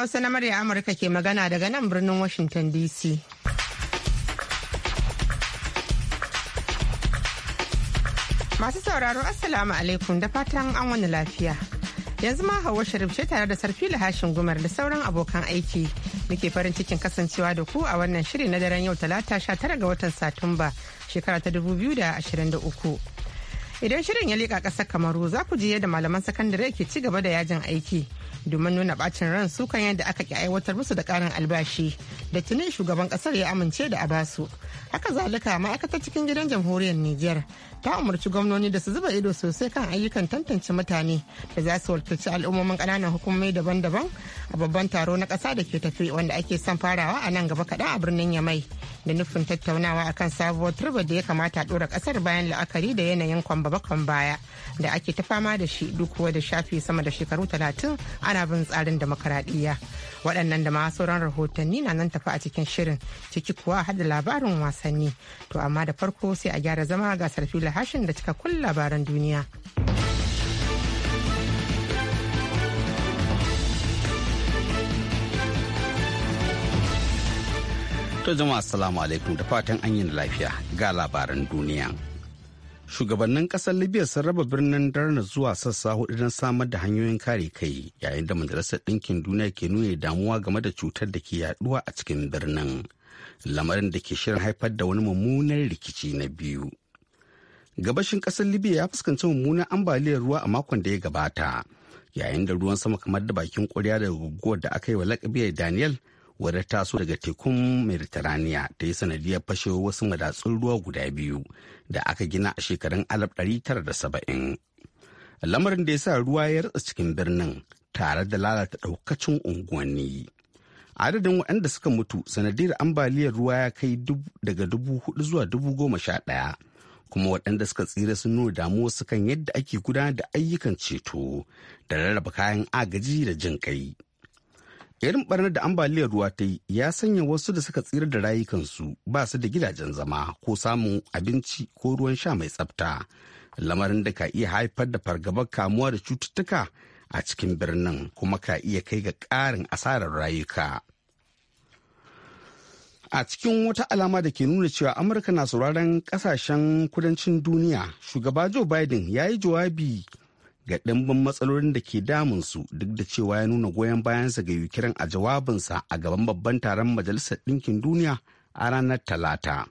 Hausa na murya Amurka ke magana daga nan birnin Washington DC. Masu sauraro Assalamu alaikum da fatan an wani lafiya. Yanzu ma Hauwa Sharif ce tare da sarfi Hashin Gumar da sauran abokan aiki muke farin cikin kasancewa da ku a wannan shiri na daren yau talata 19 ga watan Satumba shekara ta dubu biyu da da ashirin uku. idan shirin ya leƙa ƙasar kamaru za ku ji yadda malaman sakandare ke ci gaba da yajin aiki domin nuna bacin ran su kan yadda aka ki aiwatar musu da karin albashi da tuni shugaban kasar ya amince da a basu haka zalika ma'aikatar cikin gidan jamhuriyar niger ta umarci gwamnoni da su zuba ido sosai kan ayyukan tantance mutane da za su wakilci al'ummomin ƙananan hukumomi daban-daban a babban taro na ƙasa da ke tafi wanda ake son farawa a nan gaba kaɗan a birnin yamai da nufin tattaunawa akan sabuwar turba da ya kamata a dora kasar bayan la'akari da yanayin kwamba baya da ake ta fama da shi duk da shafi sama da shekaru talatin ana bin tsarin demokaradiyya waɗannan da ma sauran rahotanni na nan tafi a cikin shirin ciki kuwa hada labarin wasanni to amma da farko sai a gyara zama ga sarfi hashin da cikakkun labaran duniya. To jama'a assalamu alaikum da fatan an yi lafiya ga labaran duniya. Shugabannin ƙasar Libya sun raba birnin Darna zuwa sassa hudu don samar da hanyoyin kare kai yayin da Majalisar Ɗinkin Duniya ke nuna damuwa game da cutar da ke yaduwa a cikin birnin. Lamarin da ke shirin haifar da wani mummunan rikici na biyu. Gabashin ƙasar Libya ya fuskanci mummunan ambaliyar ruwa a makon da ya gabata. Yayin da ruwan sama kamar da bakin ƙwarya daga guguwar da aka yi wa lakabi Daniel wadda taso daga tekun mediterania ta yi sanadiyar fashewar wasu madatsun ruwa guda biyu da aka gina a shekarun 1970 lamarin da ya sa ruwa ya ratsa cikin birnin tare da lalata daukacin unguwanni adadin waɗanda suka mutu sanadiyar ambaliyar ruwa ya kai daga dubu hudu zuwa dubu goma sha ɗaya kuma waɗanda suka tsira sun nuna damuwa su kan yadda ake gudanar da ayyukan ceto da rarraba kayan agaji da jin kai. irin barnar da ambaliyar ruwa ta yi ya sanya wasu da suka tsira da rayukansu ba su da gidajen zama ko samun abinci ko ruwan sha mai tsafta lamarin da ka iya haifar da fargabar kamuwa da cututtuka a cikin birnin kuma ka iya kai ga ƙarin asarar rayuka a cikin wata alama da ke nuna cewa amurka na sauraron kasashen kudancin duniya shugaba joe biden ya yi jawabi ga ɗimbin matsalolin da ke damunsu duk da cewa ya nuna goyon bayansa ga yukirin a jawabinsa a gaban babban taron majalisar ɗinkin duniya a ranar talata.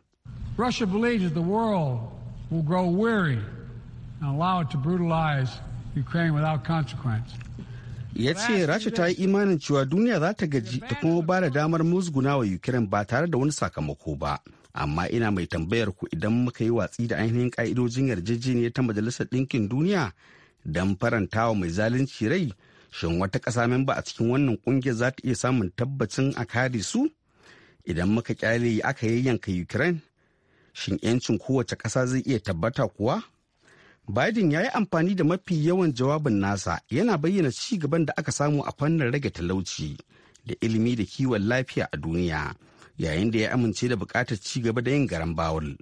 Russia believes the world will grow weary and allow it to brutalize Ukraine without consequence. ya ce rasha ta yi imanin cewa duniya za ta gaji ta kuma ba da damar musguna wa ukraine ba tare da wani sakamako ba amma ina mai tambayar ku idan muka yi watsi da ainihin ka'idojin yarjejeniya ta majalisar ɗinkin duniya don faranta wa mai zalunci rai shin wata ƙasa memba a cikin wannan ƙungiyar za ta iya samun tabbacin a kare su idan muka kyale aka yayyanka ukraine shin 'yancin kowace ƙasa zai iya tabbata kuwa biden ya yi amfani da mafi yawan jawabin nasa yana bayyana ci gaban da aka samu a fannin rage talauci da ilimi da kiwon lafiya a duniya yayin da ya amince da buƙatar ci gaba da yin garan bawul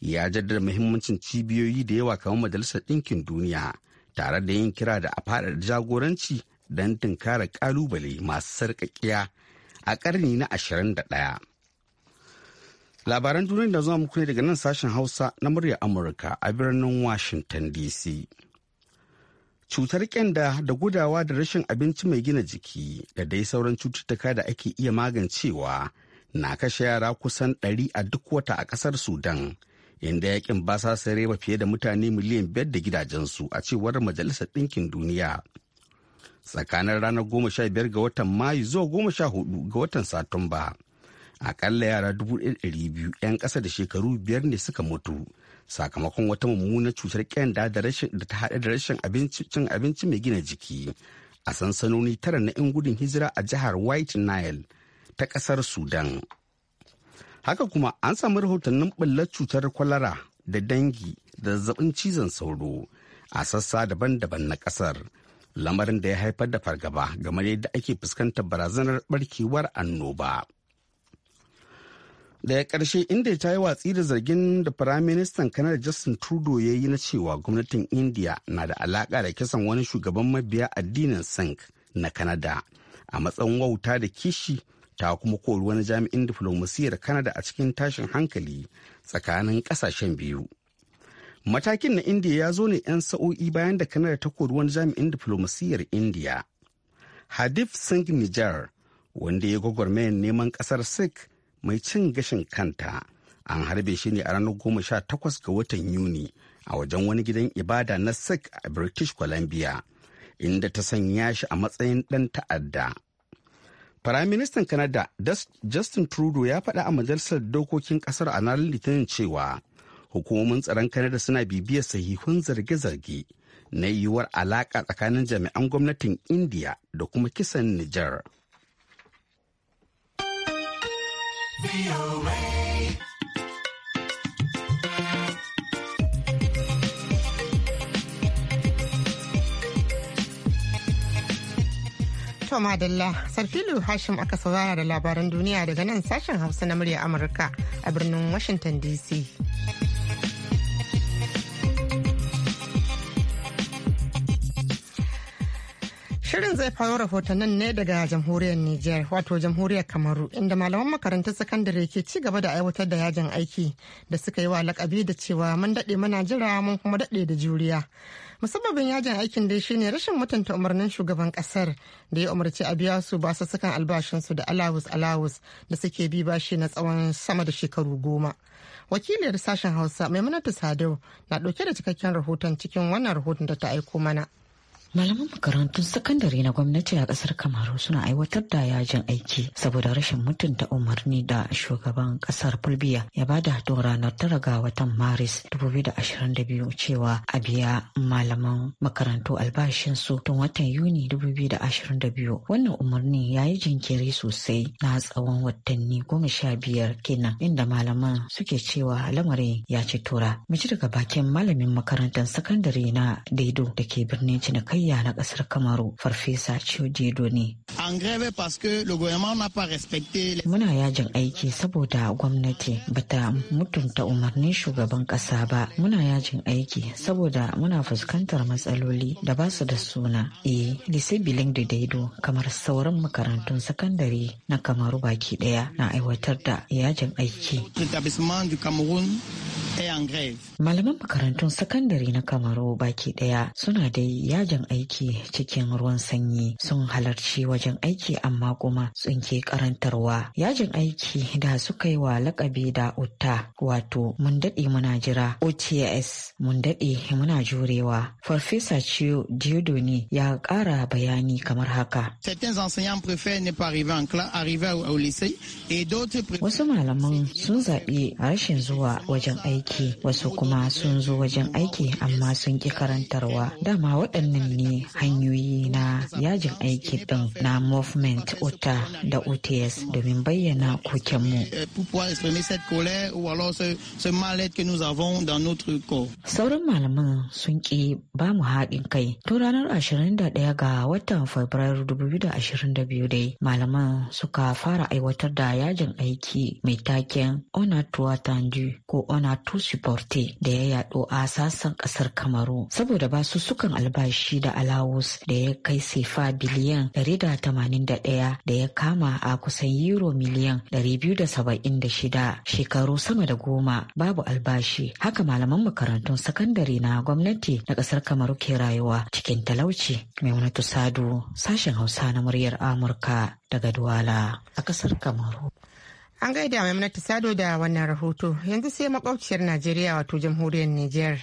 ya jaddada muhimmancin cibiyoyi da yawa kamar majalisar ɗinkin duniya tare da yin kira da a faɗaɗa jagoranci don tunkara ƙalubale masu sarƙaƙiya a ƙarni na 21. Labaran duniya da zuwa muku ne daga nan sashen Hausa na muryar Amurka a birnin Washington DC. Cutar kyanda da gudawa da rashin abinci mai gina jiki da dai sauran cututtuka da ake iya magancewa na kashe yara kusan ɗari a duk wata a ƙasar Sudan. inda yakin sare ba fiye da mutane miliyan biyar da gidajensu a cewar majalisar ɗinkin duniya tsakanin ranar goma sha biyar ga watan mayu zuwa goma sha hudu ga watan satumba akalla yara dubu ɗari biyu 'yan ƙasa da shekaru biyar ne suka mutu sakamakon wata mummunar cutar kyanda da ta haɗe da rashin cin abinci mai gina jiki a sansanoni tara na 'yan gudun hijira a jihar white nile ta ƙasar sudan haka kuma an samu rahotannin ɓullar cutar kwalara da dangi da zazzabin cizon sauro a sassa daban-daban na ƙasar lamarin da ya haifar da fargaba game yadda ake fuskantar barazanar barkewar annoba daga ƙarshe inda ta yi watsi da zargin da firaministan kanar justin trudeau ya yi na cewa gwamnatin india na da alaƙa da kisan wani shugaban mabiya addinin sink na kanada a matsayin wauta da kishi ta kuma kori wani jami'in diflomasiyar Canada a cikin tashin hankali tsakanin kasashen biyu. Matakin na Indiya ya zo ne 'yan sa'o'i bayan da Canada ta kori wani jami'in diflomasiyyar Indiya. Hadif Singh Nijar, wanda ya gwagwarmayar neman kasar Sikh mai cin gashin kanta, an harbe shi ne a ranar goma sha takwas ga watan Yuni a wajen wani gidan ibada na Sikh a British Columbia, inda ta sanya shi a matsayin ɗan ta'adda. Firaministan Canada Justin Trudeau ya faɗa a majalisar dokokin ƙasar a ranar Litinin cewa hukumomin tsaron Canada suna bibiyar sahihun zarge-zarge na yiwuwar alaƙa tsakanin jami'an gwamnatin India da kuma kisan Nijar. To Madalla, Sarkilu Hashim aka saurara da labaran duniya daga nan sashen Hausa na murya Amurka a birnin Washington DC. Shirin zai faro nan ne daga jamhuriyar Nijar wato jamhuriyar Kamaru inda malaman makarantar sakandare ke ci gaba da aiwatar da yajin aiki da suka yi wa lakabi da cewa mun daɗe mana jira mun kuma daɗe da juriya. Musabbabin yajin aikin dai shine rashin mutunta umarnin shugaban kasar da ya umarci a biya su ba su albashinsu da alawus alawus da suke bi bashi na tsawon sama da shekaru goma. Wakiliyar sashen Hausa Maimunatu Sadau na ɗauke da cikakken rahoton cikin wannan rahoton da ta aiko mana. Malaman makarantun sakandare na gwamnati a kasar Kamaru suna aiwatar da yajin aiki saboda rashin mutunta umarni da shugaban kasar Fulbiya ya bada don ranar tara ga watan Maris 2022 cewa a biya malaman makarantu albashinsu tun watan Yuni 2022. Wannan umarni ya yi jinkiri sosai na tsawon watanni goma sha biyar kenan inda malaman suke cewa lamarin ya ci tura. Mu daga bakin malamin makarantar sakandare na Daido da ke birnin Cinikai tarayya na kasar kamaru farfesa Chiojedo ne. Muna yajin aiki saboda gwamnati ba ta mutunta umarnin shugaban kasa ba. Muna yajin aiki saboda muna fuskantar matsaloli da ba su da suna. E, lise bilin da daido kamar sauran makarantun sakandare na kamaru baki daya na aiwatar da yajin aiki. Malaman makarantun sakandare na kamaru baki daya suna da yajin aiki cikin ruwan sanyi sun halarci wajen aiki amma kuma sun tsinke karantarwa yajin aiki da suka yi wa lakabi da utta wato mun daɗe muna jira ots mun daɗe muna jurewa farfesa ciyo diodoni ya ƙara bayani kamar haka wasu malaman sun zaɓi rashin zuwa wajen aiki wasu kuma sun zo wajen aiki amma sun ƙi karantarwa dama waɗannan tunani hanyoyi na yajin aiki ɗin na movement uta da uts domin bayyana kokenmu sauran malaman sun ki ba mu haɗin kai tun ranar 21 ga watan fabrairu 2022 dai malaman suka fara aiwatar da yajin aiki mai taken tuwa tandu ko Ona tu supporte da ya yaɗo a sassan ƙasar kamaru saboda ba su sukan albashi da da alawus da ya kai sifa biliyan 181 da ya kama a kusan euro miliyan 276 shekaru sama da goma babu albashi haka malaman makarantun sakandare na gwamnati na kasar kamaru ke rayuwa cikin talauci maimunatu sadu sashen hausa na muryar amurka daga duwala a kasar kamaru an gaida maimunatu sado da wannan rahoto yanzu sai makwabciyar najeriya wato jamhuriyar Nijar.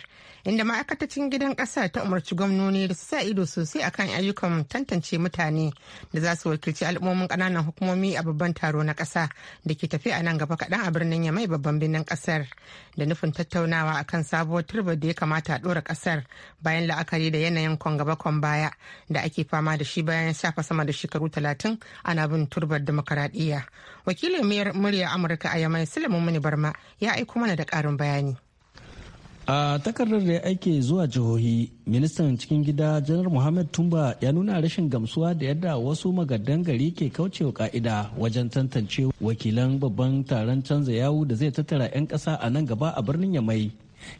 inda ma'aikatacin gidan ƙasa ta umarci gwamnoni da su sa ido sosai akan ayyukan tantance mutane da za su wakilci al'ummomin ƙananan hukumomi a babban taro na kasa da ke tafi a nan gaba kaɗan a birnin ya mai babban birnin ƙasar da nufin tattaunawa akan sabuwar turbar da ya kamata a ɗora ƙasar bayan la'akari da yanayin kwan gaba kwan baya da ake fama da shi bayan shafa sama da shekaru talatin ana bin turbar demokaradiyya wakilin murya amurka a yamai sulaiman muni barma ya aiko mana da ƙarin bayani a takardar da ya aike zuwa jihohi ministan cikin gida janar muhammad tumba ya nuna rashin gamsuwa da yadda wasu magadan gari ke kaucewa ka'ida wajen tantance wakilan babban taron canza yawu da zai tattara 'yan ƙasa a nan gaba a birnin yamai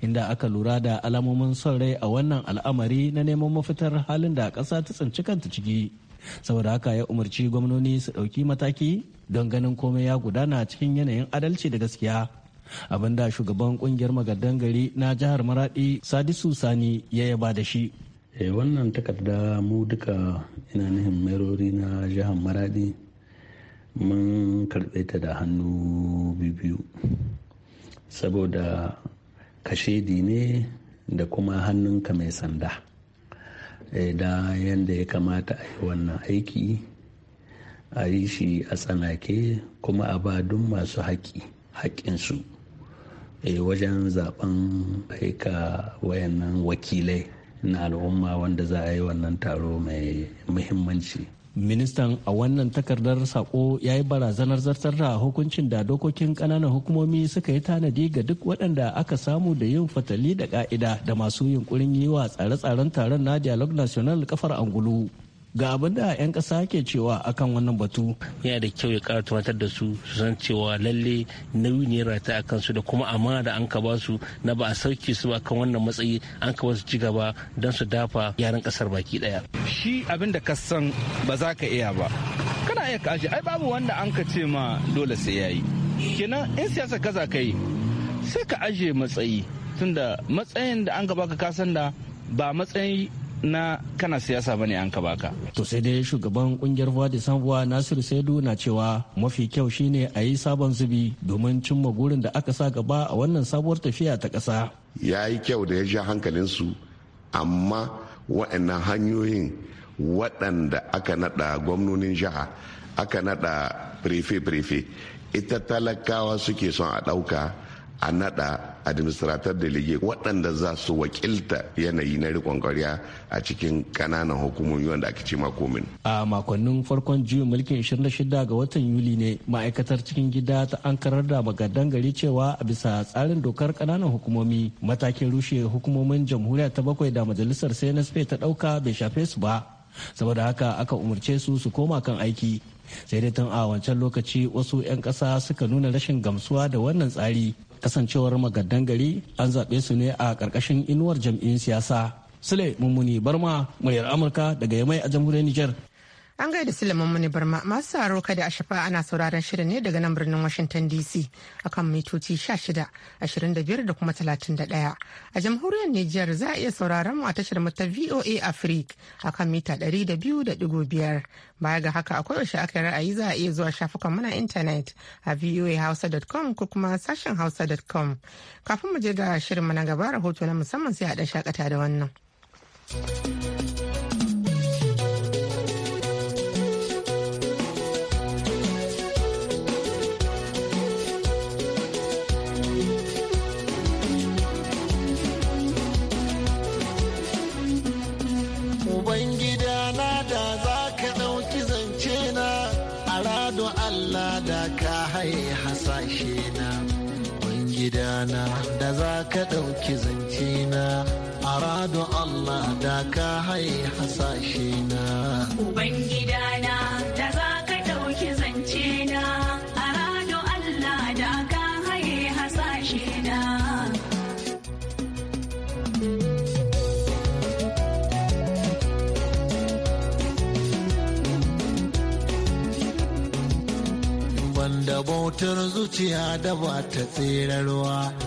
inda aka lura da alamomin son rai a wannan al'amari na neman mafitar halin da ƙasa ta tsinci kanta ciki saboda haka ya umarci gwamnoni su ɗauki mataki don ganin komai ya gudana cikin yanayin adalci da gaskiya abin da shugaban kungiyar magadan gari na jihar maradi sadisu sani ya yaba da shi eh, wannan takarda mu duka ina nihin merori na jihar maradi mun karbe ta da hannu biyu saboda kashedi ne da kuma hannunka mai sanda eh, da yadda ya kamata a yi wannan aiki a yi shi a tsanake kuma a ba duk masu haƙi haƙƙinsu Eh, wajen zaben aika wayannan wakilai na al'umma wanda za a yi wannan taro mai muhimmanci ministan a wannan takardar sako ya yi barazanar zartar da hukuncin da dokokin kananan hukumomi suka yi tanadi ga duk waɗanda aka samu da yin fatali da ka'ida da masu yunkurin yi wa tsare-tsaren taron na dialogue national kafar angulu ga abin da 'yan ƙasa ke cewa akan wannan batu yana da kyau ya kara tumatar da su su san cewa lalle nauyi ne rata a kansu da kuma amana da an ka ba su na ba a sauke su ba kan wannan matsayi an ka wasu ci gaba don su dafa yaran kasar baki ɗaya shi abin da ka san ba za ka iya ba kana iya ka ai babu wanda an ka ce ma dole sai ya yi kenan in siyasa kaza ka yi sai ka aje matsayi tunda matsayin da an gaba ka kasan da ba matsayi na kana siyasa bane an ka baka. To sai dai shugaban kungiyar Voix de Nasiru Saidu na cewa mafi kyau shine a yi sabon zubi domin cimma gurin da aka sa gaba a wannan sabuwar tafiya ta ƙasa. Ya yi kyau da ya sha su amma waɗannan hanyoyin waɗanda aka naɗa gwamnonin jiha aka naɗa prefe-prefe ita talakawa suke son a ɗauka a nada administrator delege waɗanda za su wakilta yanayi na rikon a cikin ƙananan hukumomi wanda ake ce makomin. A makonnin farkon juyin mulkin 26 ga watan Yuli ne ma'aikatar cikin gida ta an karar da magadan gari cewa a bisa tsarin dokar ƙananan hukumomi matakin rushe hukumomin jamhuriya ta bakwai da majalisar CNSP ta ɗauka bai shafe su ba. Saboda haka aka umarce su su koma kan aiki sai dai tun a wancan lokaci wasu 'yan ƙasa suka nuna rashin gamsuwa da wannan tsari kasancewar magadan gari an zaɓe su ne a ƙarƙashin inuwar jam'in siyasa sule mummuni barma muryar amurka daga yamai a jamhuriyar Nijar. An gaida Suleiman Muni Barma masu saro kada a shafa ana sauraron shirin ne daga nan birnin Washington DC akan mitoci 16, ashirin da kuma 31. A jamhuriyar Nijar za a iya sauraron mu a tashar mu ta VOA Africa akan mita 200.5. Baya ga haka akwai wasu aka ra'ayi za a iya zuwa shafukan muna intanet a voahausa.com ko kuma sashen hausa.com. Kafin mu je ga shirin mu na gaba rahoto na musamman sai a ɗan shakata da wannan. ka ɗauki zance na arado Allah da ka hai hasashe na ubangida na da za ka ɗauki zance na arado Allah da ka hai hasashe na Wanda bautar zuciya da ba ta tserarwa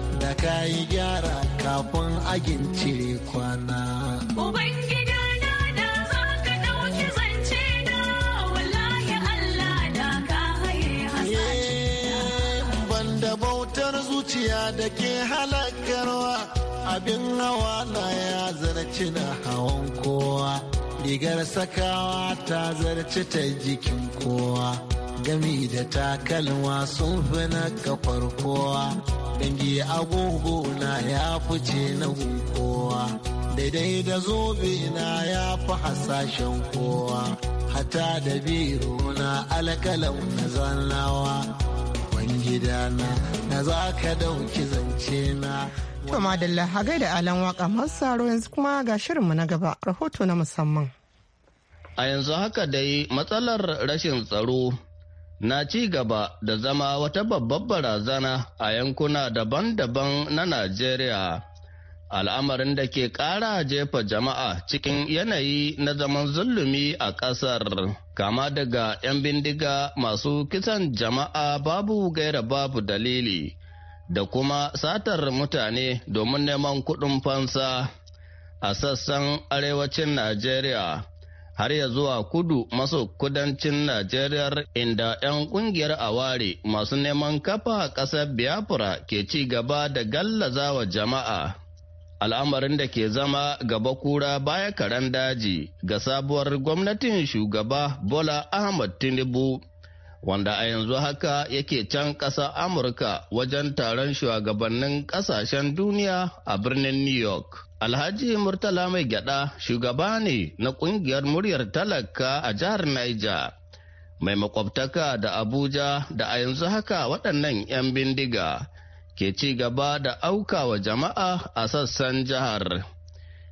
da ka yi gyara kafin agin cire kwana. Ubangida na da za ka ɗauki zance na Allah da ka haye eh, Banda bautar zuciya da ke halakarwa abin hawa na ya zarci na hawan kowa. Rigar sakawa ta zarci ta jikin kowa. Gami da takalma sun fi na kafar kowa. dangi agogo na ya fice na kowa daidai da zobe na ya fi hasashen kowa hata da biro na alkalau na zannawa gidana na za ka dauki zance na To madalla a gaida alan waka masu saro yanzu kuma ga shirinmu na gaba rahoto na musamman. A yanzu haka dai matsalar rashin tsaro na ci gaba da zama wata babbar barazana a yankuna daban-daban na Najeriya. Al'amarin da ke ƙara jefa jama'a cikin yanayi na zaman zulumi a ƙasar, kama daga ‘yan bindiga masu kisan jama'a babu gaira babu dalili, da kuma satar mutane domin neman kuɗin fansa a sassan arewacin Najeriya. har ya zuwa kudu maso kudancin Najeriya inda 'yan kungiyar aware masu neman kafa ƙasar Biafra ke ci gaba da gallazawa jama'a. Al'amarin da ke zama gaba kura baya karen daji ga sabuwar gwamnatin shugaba Bola Ahmad Tinubu. wanda a yanzu haka yake can ƙasa Amurka wajen taron shugabannin ƙasashen duniya a birnin New York. Alhaji Murtala Mai Gyada shugaba ne na kungiyar muryar talaka a jihar Niger. Mai makwabtaka da Abuja da a yanzu haka waɗannan 'yan bindiga ke ci gaba da aukawa jama'a a sassan jihar.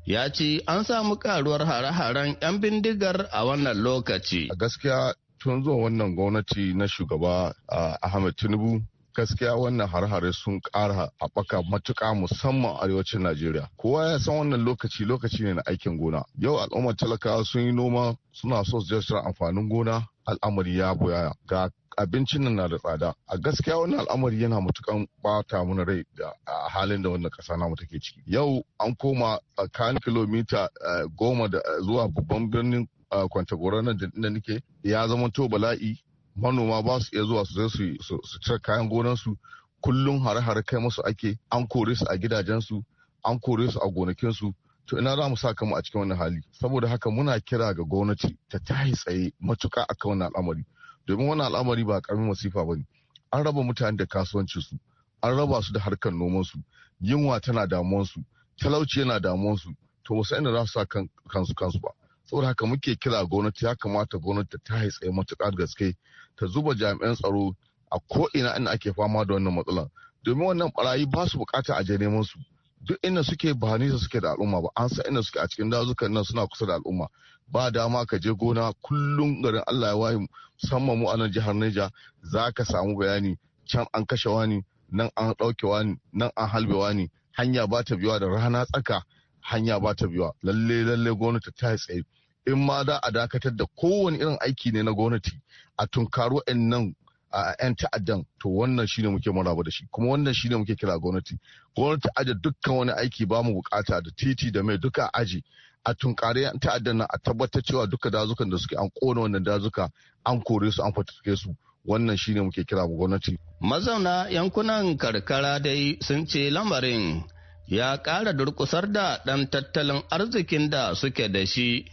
Ya ce an samu karuwar hare-haren 'yan bindigar a wannan lokaci. a Gaskiya tun zuwa wannan gwamnati na shugaba ah, Ahmed Tinubu gaskiya wannan har-hare sun ƙara haɓaka matuka musamman arewacin Najeriya. Kowa ya san wannan lokaci lokaci ne na aikin gona. Yau al'ummar talakawa sun yi noma suna so su amfanin gona al'amari ya boyaya ga abincin nan na da tsada a gaskiya wannan al'amari yana matukan bata mana rai da halin da wannan kasa namu take ciki yau an koma tsakanin kilomita eh, goma da eh, zuwa babban birnin eh, kwantagoro nan da nake ya zama to bala'i manoma ba su iya zuwa su zai su cire kayan gonansu kullum hare-hare kai masu ake an kore su a gidajensu an kore su a gonakinsu to ina za mu sa kanmu a cikin wani hali saboda haka muna kira ga gwamnati ta tahi tsaye matuka kan wani al'amari domin wani al'amari ba karamin masifa ba ne. an raba mutane da kasuwancinsu an raba su da harkar nomansu yunwa tana damuwansu talauci yana damuwansu to wasu inda za su sa kansu kansu ba saboda haka muke kira gwamnati ya kamata gwamnati ta tahi tsaye matuka gaske ta zuba jami'an tsaro a ko'ina inda ake fama da wannan matsalan domin wannan barayi ba su bukata a je neman su duk inda suke ba nisa suke da al'umma ba an sa inda suke a cikin dazukan nan suna kusa da al'umma ba dama ka je gona kullum garin Allah ya waye musamman mu a nan jihar Niger za ka samu bayani can an kashe wani nan an ɗauke wani nan an halbe wani hanya ba ta biyuwa da rana tsaka hanya ba ta biyuwa lalle lalle gwamnati ta tsaye in ma za a dakatar da kowane irin aiki ne na gwamnati a tunkaro nan a 'yan ta'addan to wannan shine muke maraba da shi kuma wannan shine muke kira gwamnati gwamnati aje dukkan wani aiki ba mu bukata da titi da mai duka aji a tunkare 'yan ta'addan nan a tabbatar cewa duka dazukan da suke an kona wannan dazuka an kore su an fatuske su wannan shine muke kira gwamnati mazauna yankunan karkara dai sun ce lamarin ya kara durƙusar da ɗan tattalin arzikin da suke da shi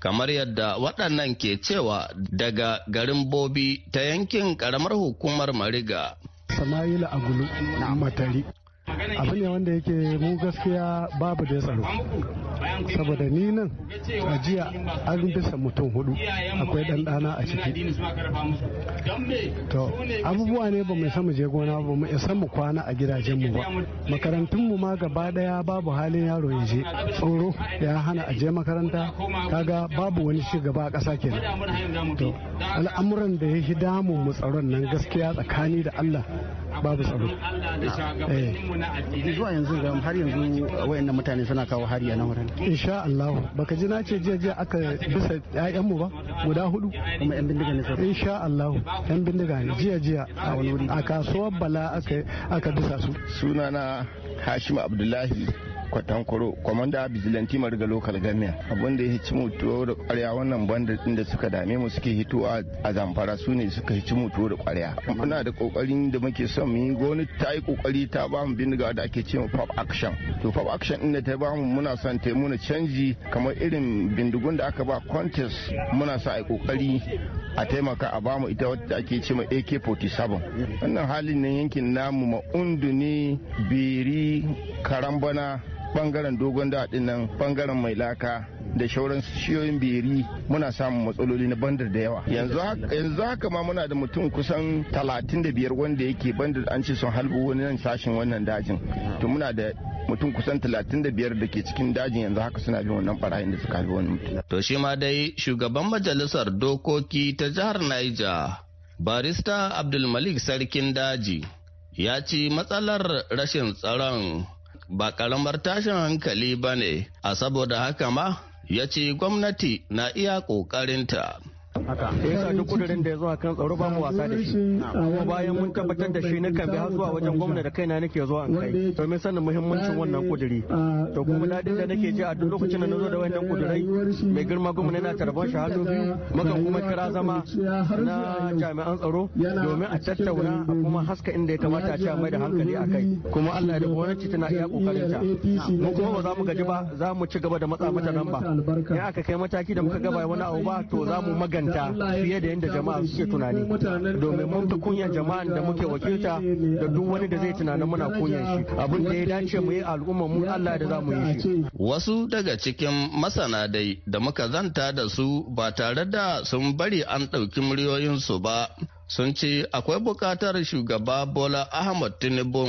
kamar yadda waɗannan ke cewa daga garin bobi ta yankin ƙaramar hukumar mariga Sama'ila Agulu na Matari abu ne wanda yake mu gaskiya babu da tsaro saboda ni nan a jiya an bisa mutum hudu akwai dan dana a ciki to abubuwa ne ba mai isa je gona ba mu isa mu kwana a gidajen mu ba makarantun mu ma gaba daya babu halin yaro ya je tsoro ya hana a je makaranta kaga babu wani shugaba a kasa kenan to al'amuran da ya damun mu tsaron nan gaskiya tsakani da Allah babu tsaro eh. zuwa yanzu ga har yanzu wayannan mutane suna kawo hari a wurin insha Allah baka ji na ce jiya jiya aka bisa ƴaƴan mu ba guda hudu kuma ƴan bindiga ne sai insha Allah Ƴan bindiga ne jiya jiya a wani wuri a kasuwar bala aka aka bisa su sunana Hashim Abdullahi kwatankwaro kwamanda bijilanti marga local government abin da ya hici mutuwa da kwarya wannan banda din da suka dame mu suke hitowa a zamfara su ne suka hici mutuwa da kwarya muna da kokarin da muke son mu yi gwamnati ta yi kokari ta ba mu bindiga da ake cewa pop action to pop action din da ta ba mu muna son ta muna canji kamar irin bindigun da aka ba contest muna sa a kokari a taimaka a bamu ita wadda ake cewa AK47 wannan halin nan yankin namu undu ne biri karambana bangaren dogon daɗin nan bangaren mai laka da shauran shiyoyin beri muna samun matsaloli na bandar da yawa yanzu haka ma muna da mutum kusan 35 wanda yake bandar an ce sun halbu wani nan sashin wannan dajin to muna da mutum kusan 35 da ke cikin dajin yanzu haka suna bin wannan barayin da suka halbu wani mutum to shi ma dai shugaban majalisar dokoki ta jihar Niger barista Abdulmalik sarkin daji ya ce matsalar rashin tsaron ba karamar tashin hankali ba ne, a saboda haka ma ya ce gwamnati na iya ƙoƙarinta haka sai yasa duk kudirin da ya zo kan tsaro ba mu wasa da shi kuma bayan mun tabbatar da shi na kan bi har zuwa wajen gwamna da kaina nake zuwa an kai domin sanin muhimmancin wannan kudiri to kuma dadin da nake ji a duk lokacin da na zo da wannan kudirai mai girma gwamna yana tarban shi hannu biyu mukan kuma kira zama na jami'an tsaro domin a tattauna kuma haska inda ya kamata a ci mai da hankali a kai kuma Allah da gwamnati tana iya kokarin ta mu kuma ba za mu gaji ba za mu ci gaba da matsa mata nan ba in aka kai mataki da muka gaba wani abu ba to za mu maganta wakilta fiye da yadda jama'a suke tunani domin mun fi kunya jama'an da muke wakilta da duk wani da zai tunanin muna kunyan shi abin da ya dace mu yi al'umma mu Allah da za mu yi shi wasu daga cikin masana dai da muka zanta da su ba tare da sun bari an ɗauki su ba sun ce akwai buƙatar shugaba bola ahmad tinubu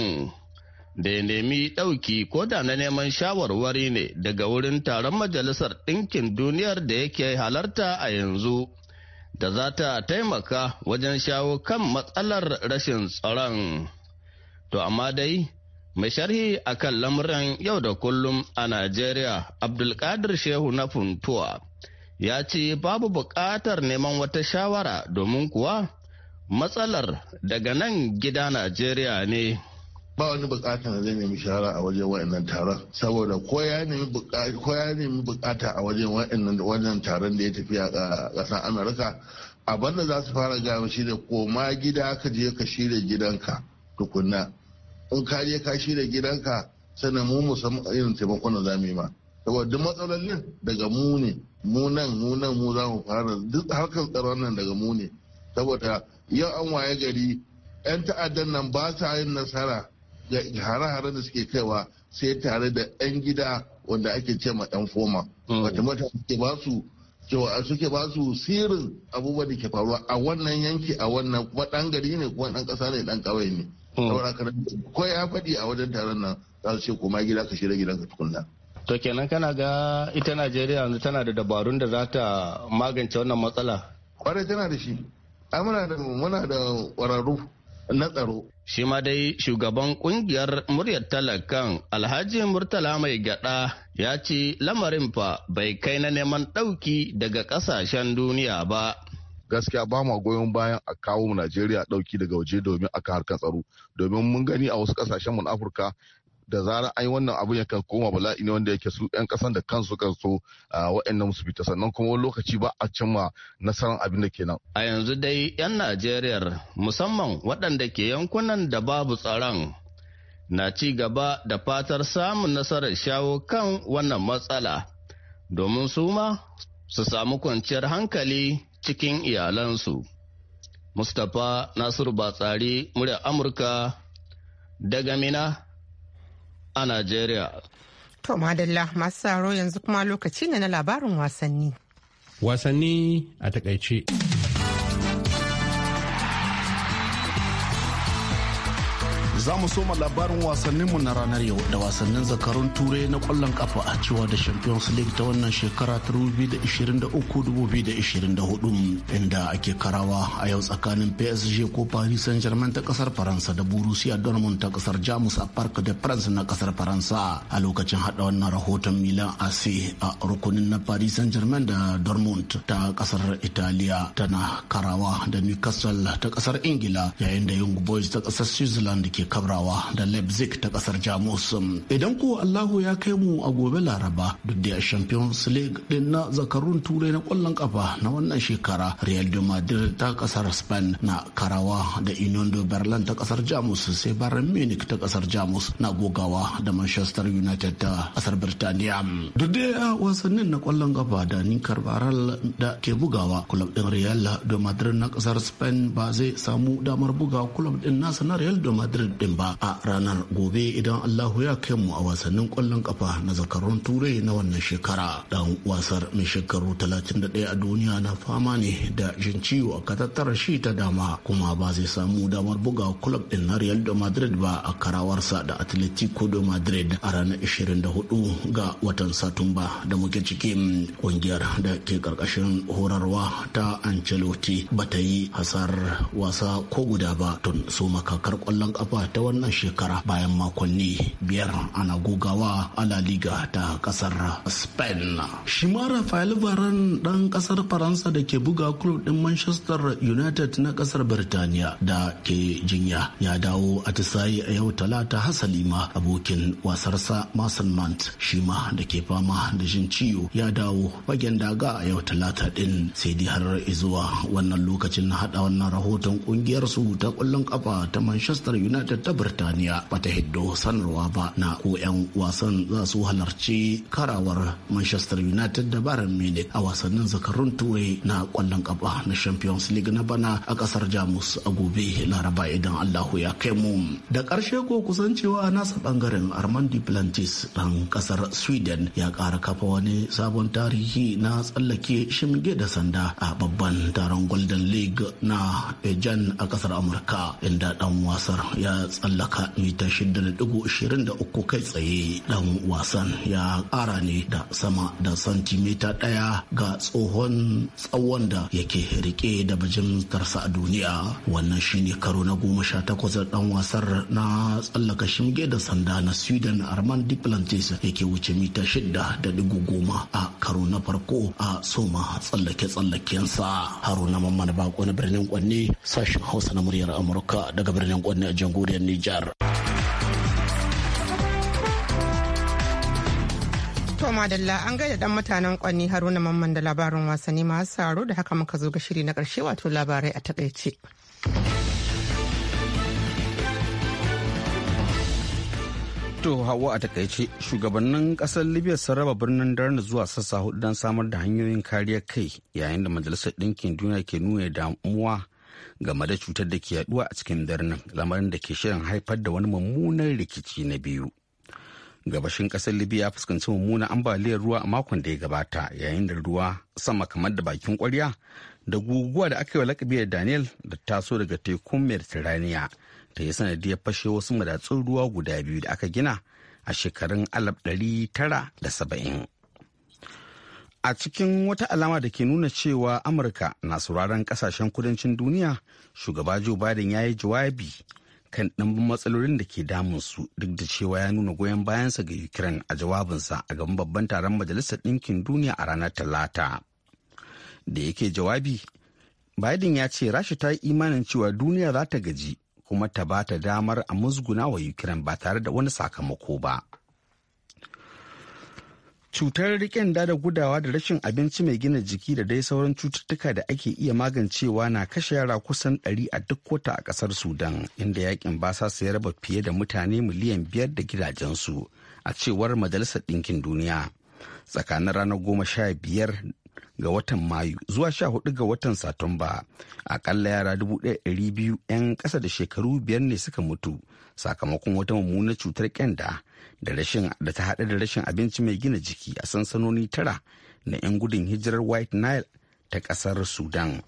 da ya nemi ɗauki ko da na neman shawarwari ne daga wurin taron majalisar ɗinkin duniyar da yake halarta a yanzu da za ta taimaka wajen shawo kan matsalar rashin tsaron. To amma dai, mai sharhi a kan lamuran yau da kullum a Najeriya, Abdulkadir Shehu na Funtuwa, ya ce babu buƙatar neman wata shawara domin kuwa matsalar daga nan gida Najeriya ne. ba wani bukatan zai nemi shahara a wajen wa'annan taron saboda ko ya nemi bukata a wajen wannan taron da ya tafi a kasar amurka abin da za su fara gano shi da koma gida ka je ka shirya gidanka tukunna in ka je ka shirya gidanka sannan mu musamman irin taimakon da za ma saboda duk matsalolin daga mu ne mu nan mu nan mu za mu fara duk harkar tsaron nan daga mu ne saboda yau an waye gari 'yan ta'addan nan ba sa yin nasara hare-hare da suke kaiwa sai tare da 'yan gida wanda ake ce ma 'yan foma mm. wata mata suke ba su cewa suke ba su sirin abubuwan da ke faruwa a wannan yanki a wannan kuma dan gari ne kuma dan kasa ne dan kawai ne mm. ko ya faɗi a wajen taron nan za su ce koma gida ka shirya gidanka tukunna to kenan kana ga ita Najeriya yanzu tana da dabarun da za ta magance wannan matsala kwarai tana da shi amina muna da muna da ƙwararru na tsaro. Shi ma dai shugaban kungiyar muryar talakan Alhaji Murtala mai gada ya ce lamarin fa bai kai na neman ɗauki daga ƙasashen duniya ba. gaskiya ba ma goyon bayan a kawo mu Najeriya dauki daga waje domin aka harkar tsaro domin mun gani a wasu kasashen mu na Afirka da zarar an yi wannan abu ya kan koma bala'i ne wanda yake su yan kasan da kansu kan so wa'annan musu fita sannan kuma wani lokaci ba a cimma nasarar abin da ke nan. A yanzu dai yan Najeriya musamman waɗanda ke yankunan da babu tsaron na ci gaba da fatar samun nasarar shawo kan wannan matsala domin su ma su samu kwanciyar hankali cikin iyalansu. Mustapha Nasiru Batsari, murya Amurka, daga Mina a Najeriya. To madalla masu tsaro yanzu kuma lokaci ne na labarin wasanni. Wasanni a takaice. za mu soma labarin wasanninmu na ranar yau da wasannin zakarun turai na kwallon kafa a cewa da champions league ta wannan shekara 2023-2024 inda ake karawa a yau tsakanin psg ko paris saint germain ta kasar faransa da borussia dortmund ta kasar jamus a park de france na kasar faransa a lokacin hada wannan rahoton milan ac a rukunin na paris saint germain da dortmund ta kasar italiya tana karawa da newcastle ta kasar ingila yayin da young boys ta kasar switzerland ke kabrawa da leipzig ta kasar jamus idan ko allahu ya kai mu a gobe laraba duk da champions league din na zakarun turai na kwallon kafa na wannan shekara real de madrid ta kasar spain na karawa da union de berlin ta kasar jamus sai bayern munich ta kasar jamus na gogawa da manchester united ta kasar birtaniya duk da wasannin na kwallon kafa da ni baral da ke bugawa club din real de madrid na kasar spain ba zai samu damar buga club din nasa na real de madrid din ba a ranar gobe idan Allahu ya kai mu a wasannin kwallon kafa na zakarun turai na wannan shekara. Dan wasar mai shekaru 31 a duniya na fama ne da jin ciwo a katattarar shi ta dama kuma ba zai samu damar buga club din na Real de Madrid ba a karawarsa da Atletico de Madrid a ranar 24 ga watan Satumba da muke cikin kungiyar da ke karkashin horarwa ta Ancelotti ba ta yi hasar wasa ko guda ba tun so makakar kwallon kafa ta wannan shekara bayan makonni biyar ana gogawa a la liga ta kasar spain shi ma rafael varan dan kasar faransa da ke buga club din manchester united na kasar birtaniya da ke jinya ya dawo tisayi a yau talata hasali ma abokin wasarsa mason mount shi ma da ke fama da jin ciwo ya dawo fagen daga a yau talata din sai dai har zuwa wannan lokacin hada wannan rahoton kungiyar su ta kullun kafa ta manchester united duk da birtaniya bata hiddo sanarwa ba na ko 'yan wasan za su halarci karawar manchester united da bayern munich a wasannin zakarun turai na kwallon kafa na champions league na bana a kasar jamus a gobe laraba idan allahu ya kai mu da ƙarshe ko kusancewa nasa bangaren armand plantis dan kasar sweden ya ƙara kafa wani sabon tarihi na tsallake shimge da sanda a babban taron golden league na ejan a kasar amurka inda ɗan wasar ya tsallaka mita 6.23 kai tsaye dan wasan ya ƙara ne da sama da santimita ɗaya ga tsohon tsawon da yake rike da tarsa a duniya wannan shine karo na goma sha takwas da dan wasar na tsallaka shimge da sanda na sweden armand duplantis yake wuce mita shida a karo na farko a soma tsallake-tsallakensa haruna mamman bako na birnin kwanne sashen hausa na muryar amurka daga birnin kwanne a jamhuriyar jamhuriyar Nijar. To madalla an gaida dan mutanen kwanni Haruna Mamman da labarin wasanni masu saro da haka muka zo ga shiri na karshe wato labarai a takaice. To hawa a takaice shugabannin kasar Libya sun raba birnin Darna zuwa sassa hudu don samar da hanyoyin kariyar kai yayin da Majalisar Ɗinkin Duniya ke nuna damuwa game da cutar da ke yaduwa a cikin birnin lamarin da ke shirin haifar da wani mummunan rikici na biyu gabashin kasar libya fuskanci mummunan ambaliyar ruwa a makon da ya gabata yayin da ruwa sama kamar da bakin kwarya da guguwa da aka yi wa da daniel da taso daga tekun mediterania ta yi sanadiyar fashe wasu madatsun ruwa guda biyu da aka gina a shekarun tara da saba'in. a cikin wata alama da ke nuna cewa amurka na sauraron kasashen kudancin duniya shugaba joe biden ya yi jawabi kan ɗanbin matsalolin da ke damunsu duk da cewa ya nuna goyon bayansa ga ukraine a jawabinsa a gaban babban taron majalisar ɗinkin duniya a ranar talata da yake jawabi biden ya ce rasha ta yi imanin cewa duniya za ta gaji kuma ta ba ta damar a musguna wa ukraine ba tare da wani sakamako ba cutar riken da gudawa da rashin abinci mai gina jiki da dai sauran cututtuka da ake iya magancewa na kashe yara kusan 100 a duk wata a kasar sudan inda yakin basa ya raba fiye da mutane miliyan biyar da gidajensu a cewar majalisar ɗinkin duniya tsakanin ranar goma sha biyar ga watan mayu zuwa sha hudu ga watan satumba akalla yara dubu ɗaya biyu 'yan ƙasa da shekaru biyar ne suka mutu sakamakon wata mummunar cutar kyanda da rashin da ta haɗa da rashin abinci mai gina jiki a sansanoni tara na 'yan gudun hijirar white nile ta ƙasar sudan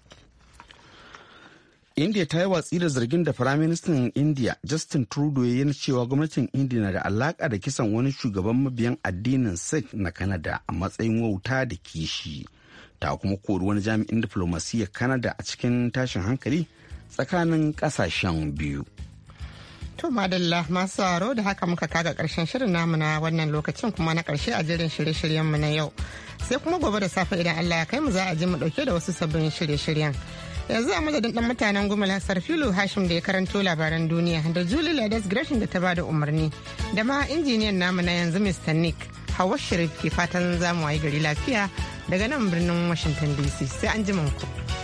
india ta yi watsi da zargin da firaministan india justin trudeau ya yi cewa gwamnatin india na da alaƙa da kisan wani shugaban mabiyan addinin sikh na canada a matsayin wauta da kishi ta kuma kori wani jami'in diflomasiyya canada a cikin tashin hankali tsakanin ƙasashen biyu. To madalla masu tsaro da haka muka kaga karshen shirin namu na wannan lokacin kuma na karshe a jerin shirye-shiryen mu na yau. Sai kuma gobe da safe idan Allah ya kai mu za a ji mu dauke da wasu sabbin shirye-shiryen. Yanzu a madadin dan mutanen gumal Hassar Filu Hashim da ya karanto labaran duniya da Julie Ladas Gresham da ta bada umarni da ma injiniyan namu na yanzu Mr. Nick Hawa Sharif ke fatan zamu wayi gari lafiya daga nan birnin Washington DC sai an ji ku.